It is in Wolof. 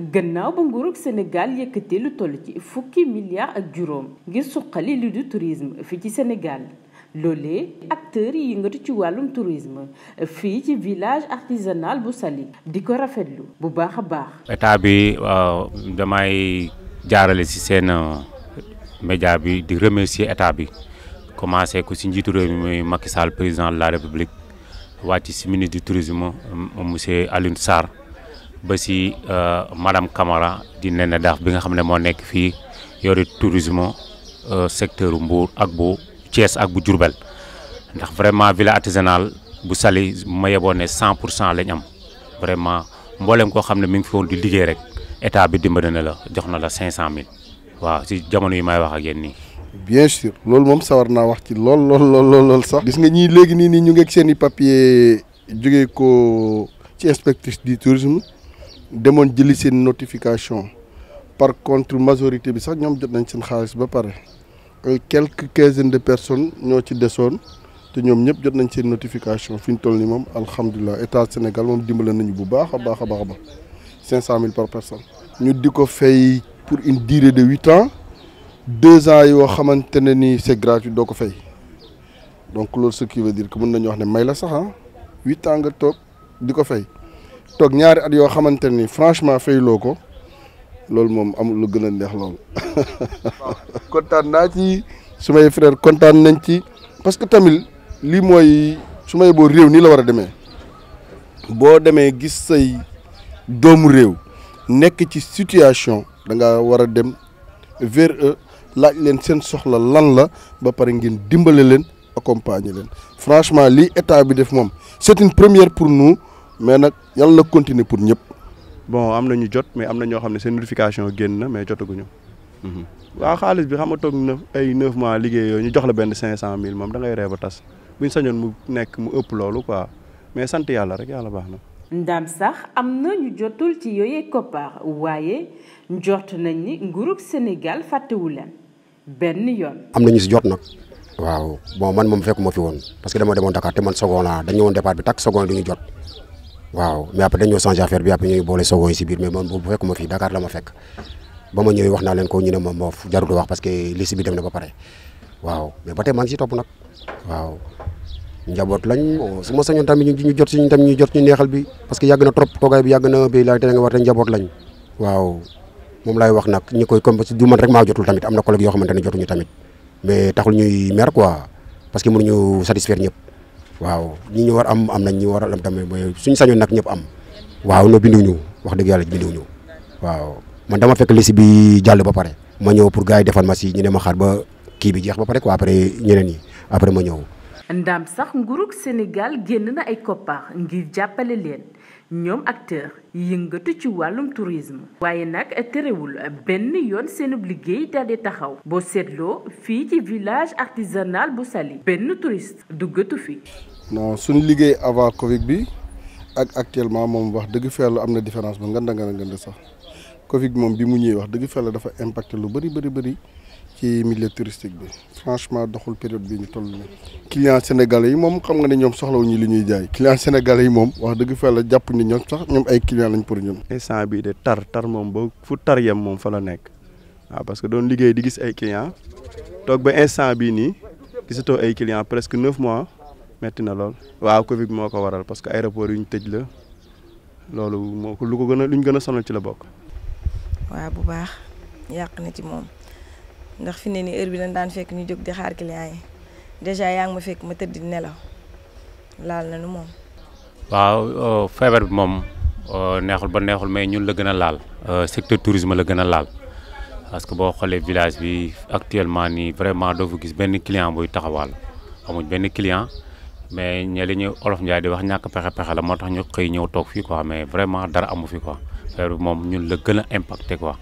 gannaaw ba nguurug Sénégal yëkkatee lu toll ci fukki milliards ak juróom ngir suqali li du tourisme fii ci Sénégal loolee acteur yi yëngatu ci wàllum tourisme fii ci village artisanal bu Saly di ko rafetlu bu baax a baax. état bi damay jaarale si seen euh, média bi di remercier état bi commencé ko si njiitu réew mi mooy président de la république waa ci ministre du tourisme euh, monsieur Alioune Sarr. ba si euh, madame Camara di Néné Daaf bi nga xam ne moo nekk fii yori tourisme euh, secteur Mbour ak bu Thiès ak bu Diourbel ndax vraiment village artisanal bu sali ma yeboon ne 100 cent lañ am vraiment mboolem koo xam ne mi ngi fi di liggéey rek état bi dimbali na la jox na la 500000 waaw si jamono yi may wax ak yéen nii. loolu moom sawar naa wax ci lool lool lool lool sax. gis nga ñii léegi nii nii ñu ngi ak seen i papier jógee ko ci inspectrice du tourisme. demoon jëli seen notification par contre majorité bi sax ñoom jot nañ seen xaalis ba pare euh, quelque quinze quinzaine de personnes ñoo ci desoon te ñoom ñëpp jot nañ seen notification fi ñu toll nii moom alhamdulilah état Sénégal moom dimbale nañu bu baax a baax a baax ba cinq cent mille par personne. ñu di ko fay pour une durée de huit ans deux ans yoo xamante ne ni c'est gratuit doo ko fay donc loolu ce kii veut dire que mën nañu wax ne may la sax a ah. huit ans nga toog di ko fay. toog ñaari at yoo xamante nii franchement fayloo ko loolu moom amul lu gën a neex loolu kontaan naa ci su may frère kontaan nañ ci parce que tamit lii mooy su may boo réew nii la war a demee boo demee gis say doomu réew nekk ci situation danga nga war a dem vers eux laaj leen seen soxla lan la ba pare ngeen dimbale leen accompagner leen franchement lii état bi def moom c'est une première pour nous mais nag yàlla na continuer pour ñëpp. bon am na ñu jot mais am na ñoo xam ne seen notification génn na mais jotaguñu. waaw xaalis bi xam nga toog na ay 9 mois liggéey yooyu ñu jox la benn 500000 moom da ngay ree ba tas buñ sañoon mu mu ëpp loolu quoi mais sant yàlla rek yàlla baax na. ndam sax am na ñu jotul ci yooyee koppar Sénégal fàttewu benn yoon. am na ñu si jot nag. waaw bon man moom fekkuma fi woon parce que dama demoon Dakar te man seconde dañu woon bi takk seconde du ñu jot. waaw mais après dañoo a affaire bi après ñooy boole Sogo yi si biir mais man bu fekk ma fii Dakar la ma fekk ba ma ñëwee wax naa leen ko ñu ne ma moof jarul wax parce que liste bi dem na ba pare waaw mais ba tey su ma sañoon tamit ñu jot si ñu ñu jot ñu neexal bi parce que yàgg na trop toogaay bi yàgg na bi laay te nga war te njaboot lañ waaw moom laay wax nag ñi koy comme man rek maa jotul tamit am na collègue yoo xamante ne jotuñu tamit mais taxul ñuy mer quoi parce que mënuñu satisfaire ñëpp waaw ñi ñu war am am nañ ñu war am tamit mooy suñu sañoon nag ñëpp am waaw no ñëw wax dëgg yàlla binduñu waaw man dama fekk liste bi jàll ba pare ma ñëw pour gars yi defal ma si ñu ne ma xaar ba kii bi jeex ba pare quoi après ñeneen ñi après ma ñëw. ndam sax nguurug Sénégal génn na ay koppar ngir jàppale leen ñoom acteur yëngatu ci wàllum tourisme. waaye nag terewul benn yoon seenub liggéey daal di taxaw. boo seetloo fii ci village artisanal bu Saly benn touriste duggatu fii non suñu liggéey avant Covid bi ak actuellement moom wax dëgg fa am na différence ba nganda nganda nganda sax Covid moom bi mu ñëwee wax dëgg fa yàlla dafa impacté lu bëri bëri bëri ci milieu touristique bi franchement doxul période bi ñu toll nii. client sénégalais yi moom xam nga ne ñoom soxlawuñu li ñuy jaay client sénégalais yi moom wax dëgg fa yàlla jàpp ni ñoom sax ñoom ay client lañ pour ñoom instant bi de tar tar moom ba fu tar yem moom fa la nekk waaw que doon liggéey di gis ay client toog ba instant bii nii gisatoo ay client presque neuf mois. metti na lool waaw Covid moo ko waral parce que aéroport yu ñu tëj la loolu moo lu ko gën a lu ñu gën a sonal ci la bokk. waaw bu baax yàq na ci moom ndax fi ne nii heure bi dañ daan fekk ñu jóg di xaar client yi dèjà yaa ngi ma fekk ma tëdd nelaw laal na nu moom. waaw euh, feebar bi moom euh, neexul ba neexul mais ñun la gën a laal euh, secteur tourisme la gën a laal parce que boo xoolee village bi actuellement nii vraiment doo fa gis benn client buy taxawaal amuñ benn client. mais ñe li olof njaay di wax ñàkk pexe pexe la moo tax ñu xëy ñëw toog fii ko mais vraiment dara amu fi ko moom ñun la gën a impacté quoi